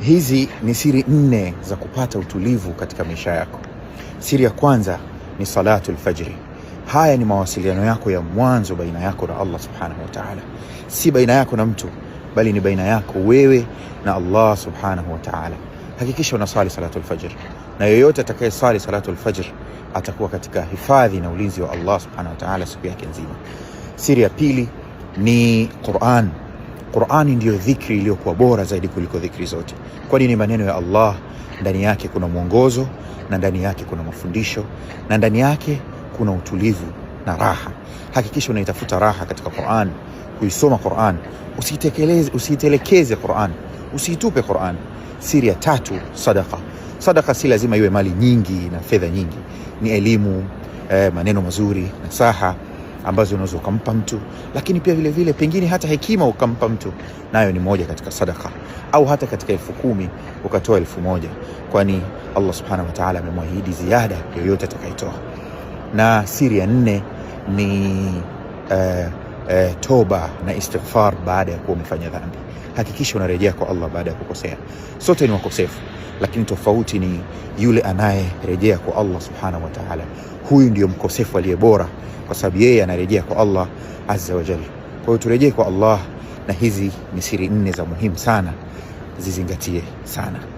Hizi ni siri nne za kupata utulivu katika maisha yako. Siri ya kwanza ni salatu lfajri. Haya ni mawasiliano yako ya mwanzo baina yako na Allah subhanahu wa taala, si baina yako na mtu, bali ni baina yako wewe na Allah subhanahu wa taala. Hakikisha unasali salatu lfajr, na yeyote atakayesali salatu lfajr atakuwa katika hifadhi na ulinzi wa Allah subhanahu wa taala siku yake nzima. Siri ya pili ni Quran. Qur'ani ndiyo dhikri iliyokuwa bora zaidi kuliko dhikri zote, kwani ni maneno ya Allah. Ndani yake kuna mwongozo na ndani yake kuna mafundisho na ndani yake kuna utulivu na raha. Hakikisha unaitafuta raha katika Qur'an, kuisoma Qur'an, usitekeleze usitelekeze Qur'an, usiitupe Qur'an. Siri ya tatu, sadaka. Sadaka si lazima iwe mali nyingi na fedha nyingi, ni elimu eh, maneno mazuri, na saha ambazo unaweza ukampa mtu, lakini pia vile vile pengine hata hekima ukampa mtu, nayo ni moja katika sadaka, au hata katika elfu kumi ukatoa elfu moja kwani Allah subhanahu wa ta'ala amemwahidi ziada yoyote atakayetoa. Na siri ya nne ni uh, e, toba na istighfar baada ya kuwa umefanya dhambi. Hakikisha unarejea kwa Allah baada ya kukosea. Sote ni wakosefu, lakini tofauti ni yule anayerejea kwa Allah subhanahu wa ta'ala. Huyu ndiyo mkosefu aliye bora, kwa sababu yeye anarejea kwa Allah azza wa jalla. Kwa hiyo turejee kwa Allah, na hizi ni siri nne za muhimu sana, zizingatie sana.